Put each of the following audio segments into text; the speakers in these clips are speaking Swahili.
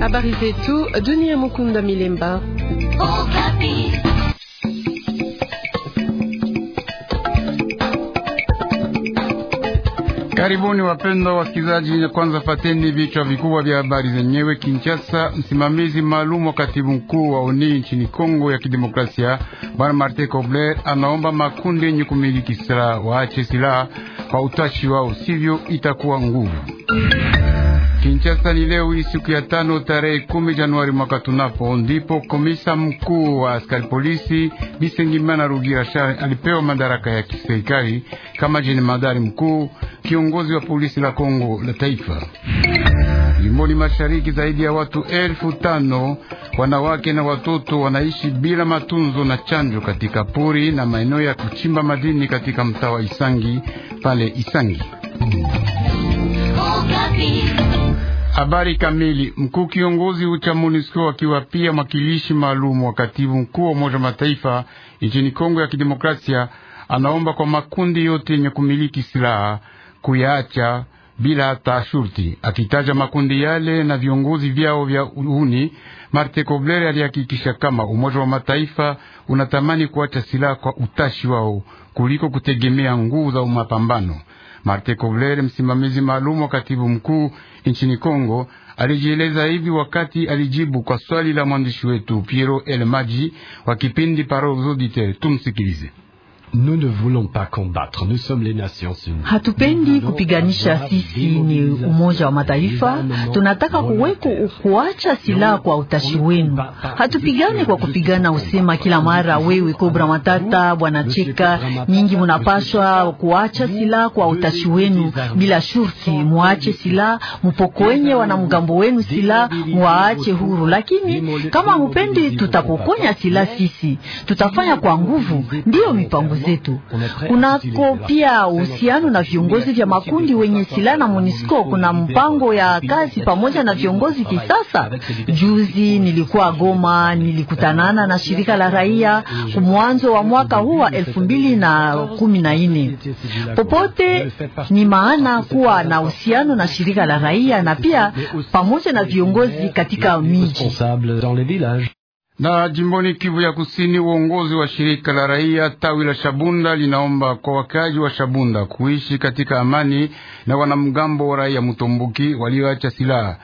Habari zetu dunia. Mukunda Milemba. Karibuni wapendwa wasikilizaji, na kwanza fateni vichwa vikubwa vya habari zenyewe. Kinshasa, msimamizi maalum wa katibu mkuu wa ONU nchini Kongo ya Kidemokrasia, bwana Martin Kobler, anaomba makundi yenye kumiliki silaha waache silaha kwa utashi wao, sivyo itakuwa nguvu. Kinshasa ni leo hii siku ya tano tarehe kumi Januari mwaka tunapo, ndipo komisa mkuu wa askari polisi Bisengimana Rugira Shari alipewa madaraka ya kiserikali kama madari mkuu kiongozi wa polisi la Kongo la taifa. Jimboni mashariki zaidi ya watu elfu tano wanawake na watoto wanaishi bila matunzo na chanjo katika pori na maeneo ya kuchimba madini katika mtaa wa Isangi pale Isangi. Habari kamili. Mkuu kiongozi cha MONUSCO akiwa pia mwakilishi maalum wa katibu mkuu wa Umoja wa Mataifa nchini Kongo ya Kidemokrasia anaomba kwa makundi yote yenye kumiliki silaha kuyaacha bila tashurti, akitaja makundi yale na viongozi vyao vya uhuni. Marte Kobler alihakikisha kama Umoja wa Mataifa unatamani kuacha silaha kwa utashi wao kuliko kutegemea nguvu za umapambano Marte Kobler, msimamizi maalum wa katibu mkuu nchini Kongo, alijieleza hivi wakati alijibu kwa swali la mwandishi wetu Piero Elmaji wa kipindi Paroxoditel. Tumsikilize. Nous ne voulons pas combattre. Nous sommes les nations unies. Hatupendi kupiganisha, sisi ni Umoja wa Mataifa. Tunataka kuweko kuacha silaha kwa utashi wenu. hatupigani kwa kupigana, usema kila mara wewe Kobra Matata, Bwana Cheka nyingi, munapashwa kuacha silaha kwa utashi wenu bila shurti. Muache silaha, mupokonye wanamgambo wenu silaha, muache huru. Lakini kama mupendi, tutapokonya silaha, sisi tutafanya kwa nguvu. Ndiyo mipango zetu. Kunako pia uhusiano na viongozi vya makundi wenye silaha na MONUSCO, kuna mpango ya kazi pamoja na viongozi kisasa. Juzi nilikuwa Goma, nilikutanana na shirika la raia kumwanzo wa mwaka huu wa elfu mbili na kumi na nne. Popote ni maana kuwa na uhusiano na shirika la raia na pia pamoja na viongozi katika miji. Na jimboni Kivu ya Kusini, uongozi wa shirika la raia tawi la Shabunda linaomba kwa wakaaji wa Shabunda kuishi katika amani na wanamgambo wa raia mutombuki walioacha silaha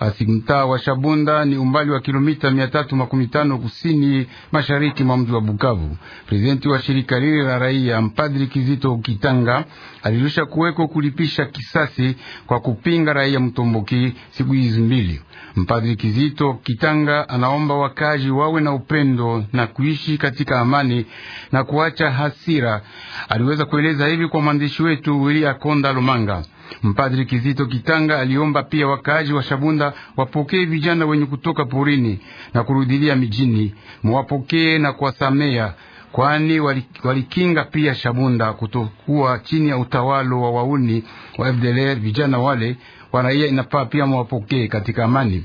basi mtaa wa Shabunda ni umbali wa kilomita mia tatu makumi tano kusini mashariki mwa mji wa Bukavu. Prezidenti wa shirika lile la raia mpadri Kizito Kitanga alirusha kuweko kulipisha kisasi kwa kupinga raia mtomboki siku hizi mbili. Mpadri Kizito Kitanga anaomba wakazi wawe na upendo na kuishi katika amani na kuacha hasira. Aliweza kueleza hivi kwa mwandishi wetu wili akonda Lumanga. Mpadri Kizito Kitanga aliomba pia wakaaji wa Shabunda wapokee vijana wenye kutoka porini na kurudilia mijini, mwapokee na kuwasamea kwani walikinga wali pia Shabunda kutokuwa chini ya utawalo wa wauni wa FDLR. Vijana wale waraia inapaa pia mwapokee katika amani.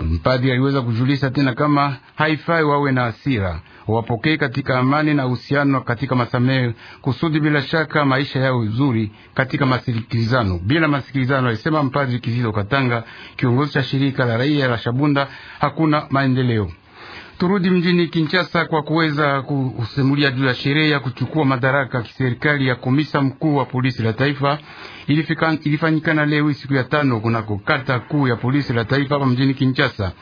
Mpadri aliweza kujulisha tena kama haifai wawe na hasira wapokee katika amani na uhusiano katika masamehe, kusudi bila shaka maisha yao uzuri katika masikilizano. Bila masikilizano, alisema Mpadri Kizito Katanga, kiongozi cha shirika la raia la Shabunda, hakuna maendeleo. Turudi mjini Kinshasa kwa kuweza kusimulia juu ya sherehe ya kuchukua madaraka kiserikali ya komisa mkuu wa polisi la taifa ilifanyikana leo siku ya tano kunako kata kuu ya polisi la taifa hapa mjini Kinshasa.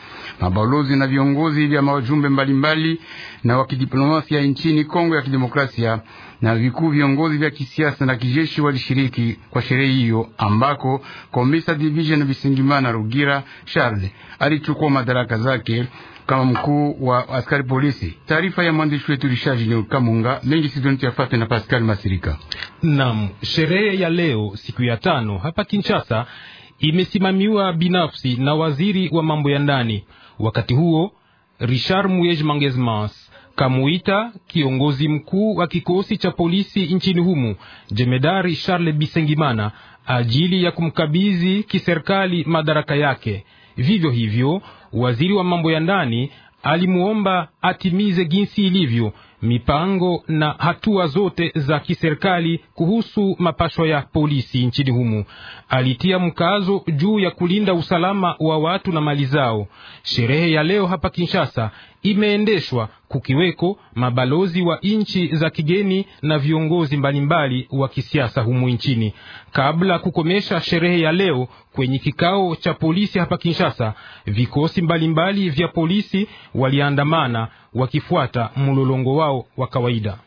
Mabalozi na viongozi vya mawajumbe mbalimbali na wa kidiplomasia nchini Kongo ya Kidemokrasia na vikuu viongozi vya kisiasa na kijeshi walishiriki kwa sherehe hiyo, ambako komisa division Bisingimana Rugira Charles alichukua madaraka zake kama mkuu wa askari polisi. Taarifa ya mwandishi wetu Rishaji Kamunga mengi sidoni tuyafate na Pascal Masirika. Naam, sherehe ya leo siku ya tano hapa Kinshasa imesimamiwa binafsi na waziri wa mambo ya ndani wakati huo Richard Muyej Mangesmas Kamuita, kiongozi mkuu wa kikosi cha polisi nchini humu, jemedari Charles Bisengimana ajili ya kumkabidhi kiserikali madaraka yake. Vivyo hivyo, waziri wa mambo ya ndani alimwomba atimize jinsi ilivyo mipango na hatua zote za kiserikali kuhusu mapashwa ya polisi nchini humu. Alitia mkazo juu ya kulinda usalama wa watu na mali zao. Sherehe ya leo hapa Kinshasa imeendeshwa kukiweko mabalozi wa nchi za kigeni na viongozi mbalimbali wa kisiasa humu nchini. Kabla kukomesha sherehe ya leo kwenye kikao cha polisi hapa Kinshasa, vikosi mbalimbali mbali vya polisi waliandamana wakifuata mlolongo wao wa kawaida.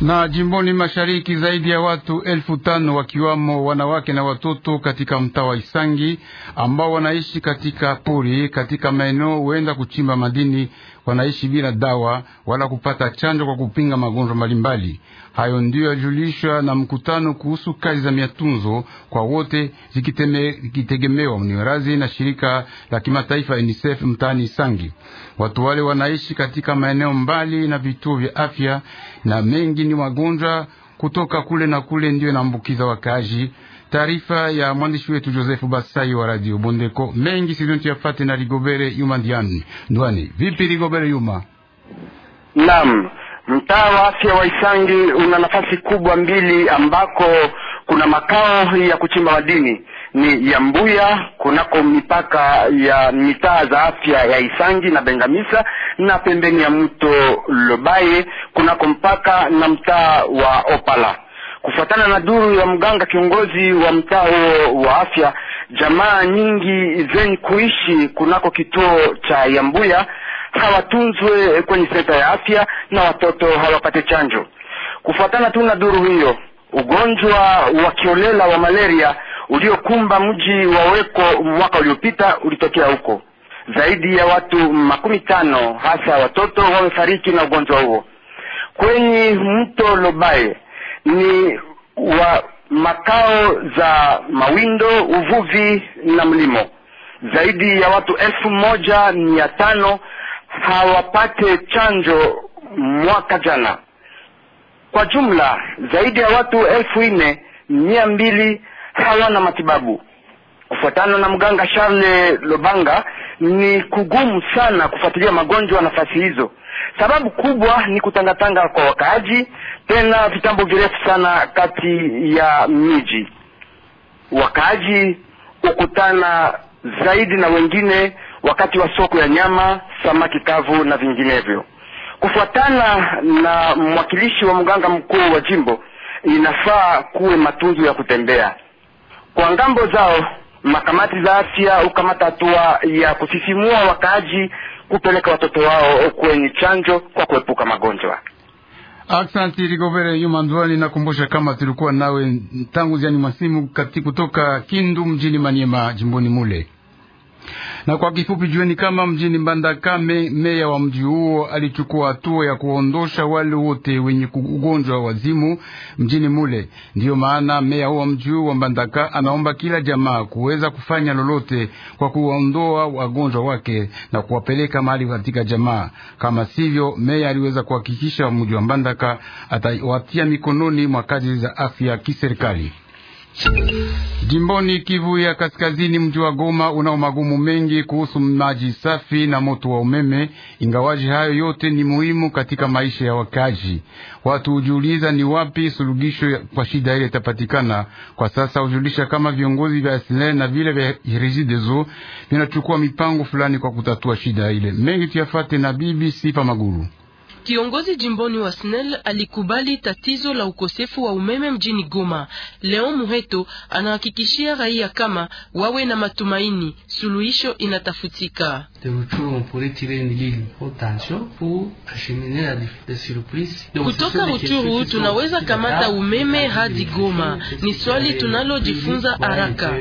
Na jimboni mashariki zaidi ya watu elfu tano wakiwamo wanawake na watoto katika mtaa wa Isangi ambao wanaishi katika pori katika maeneo huenda kuchimba madini, wanaishi bila dawa wala kupata chanjo kwa kupinga magonjwa mbalimbali. Hayo ndiyo yajulishwa na mkutano kuhusu kazi za miatunzo kwa wote zikitegemewa mnirazi na shirika la kimataifa UNICEF mtaani Isangi. Watu wale wanaishi katika maeneo mbali na vituo vya afya, na mengi ni wagonjwa kutoka kule na kule, ndio inaambukiza wakaaji. Taarifa ya mwandishi wetu Josefu Basai wa Radio Bondeko. Mengi yafate na Rigobere Yuma Ndiani Ndwani. Vipi Rigobere Yuma? Naam, mtaa wa afya wa Isangi una nafasi kubwa mbili ambako kuna makao ya kuchimba madini ni ya Mbuya kunako mipaka ya mitaa za afya ya Isangi na Bengamisa na pembeni ya mto Lobaye kunako mpaka na mtaa wa Opala. Kufuatana na duru ya mganga kiongozi wa mtaa huo wa afya, jamaa nyingi zenye kuishi kunako kituo cha Yambuya hawatunzwe kwenye senta ya afya na watoto hawapate chanjo. Kufuatana tu na duru hiyo ugonjwa wa kiolela wa malaria uliokumba mji wa Weko mwaka uliopita ulitokea huko. Zaidi ya watu makumi tano hasa watoto wamefariki na ugonjwa huo. Kwenye mto Lobae ni wa makao za mawindo, uvuvi na mlimo. Zaidi ya watu elfu moja mia tano hawapate chanjo mwaka jana. Kwa jumla zaidi ya watu elfu nne mia mbili hawana matibabu. Kufuatana na mganga charle Lobanga, ni kugumu sana kufuatilia magonjwa nafasi hizo. Sababu kubwa ni kutangatanga kwa wakaaji, tena vitambo virefu sana kati ya miji. Wakaaji hukutana zaidi na wengine wakati wa soko ya nyama, samaki kavu na vinginevyo. Kufuatana na mwakilishi wa mganga mkuu wa jimbo, inafaa kuwe matunzo ya kutembea kwa ngambo zao. Makamati za afya ukamata hatua ya kusisimua wakaaji kupeleka watoto wao kwenye chanjo kwa kuepuka magonjwa. Aksanti Rigobere Yumandua, nakumbusha kama tulikuwa nawe tangu ziani mwasimu kati kutoka Kindu mjini Maniema jimboni mule na kwa kifupi, jueni kama mjini Mbandakame meya wa mji huo alichukua hatua ya kuondosha wale wote wenye ugonjwa wa zimu mjini mule. Ndiyo maana meya wa mji huo wa Mbandaka anaomba kila jamaa kuweza kufanya lolote kwa kuondoa wagonjwa wake na kuwapeleka mahali katika jamaa. Kama sivyo, meya aliweza kuhakikisha mji wa Mbandaka atawatia mikononi mwa kazi za afya kiserikali. Jimboni Kivu ya Kaskazini, mji wa Goma unao magumu mengi kuhusu maji safi na moto wa umeme, ingawaji hayo yote ni muhimu katika maisha ya wakazi. Watu hujiuliza ni wapi suluhisho kwa shida ile itapatikana. Kwa sasa hujulisha kama viongozi vya SNEL na vile vya Regideso vinachukua mipango fulani kwa kutatua shida ile. Mengi tuyafate na BBC pa Maguru. Kiongozi jimboni wa SNEL alikubali tatizo la ukosefu wa umeme mjini Goma. Leon Muheto anahakikishia raia kama wawe na matumaini, suluhisho inatafutika. Kutoka Ruchuru tunaweza kamata umeme hadi Goma, ni swali tunalojifunza haraka.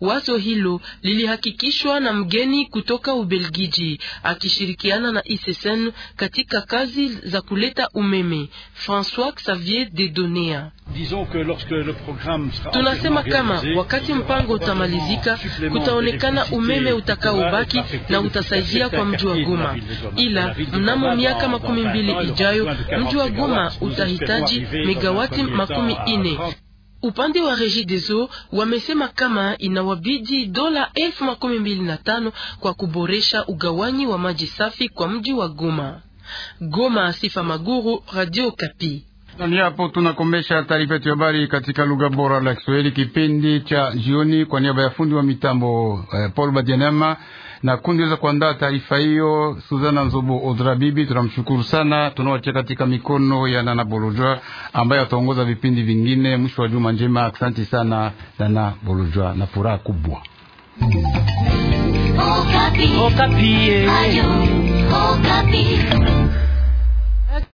Wazo hilo lilihakikishwa na mgeni kutoka Ubelgiji akishirikiana na ISSN katika kazi za kuleta umeme, François Xavier de Donea. Tunasema kama wakati mpango utamalizika, kutaonekana umeme utakaobaki na utasaidia kwa mji wa Goma, ila mnamo miaka makumi mbili ijayo mji wa Goma utahitaji megawati makumi ine. Upande wa Regideso wamesema kama inawabidi dola elfu makumi mbili na tano kwa kuboresha ugawanyi wa maji safi kwa mji wa Goma. Goma, Sifa Maguru, Radio Kapi. Nani hapo tunakomesha taarifa yetu ya habari katika lugha bora la Kiswahili, kipindi cha jioni, kwa niaba ya fundi wa mitambo eh, Paul Badianama na kundi za kuandaa taarifa hiyo, Suzana Nzobo Odrabibi, tunamshukuru sana. Tunawachia katika mikono ya Nana Bolojwa ambaye ataongoza vipindi vingine. Mwisho wa juma njema. Asante sana Nana Bolojwa na furaha kubwa. Okapi. Okapi. Eh. Ayo, Okapi.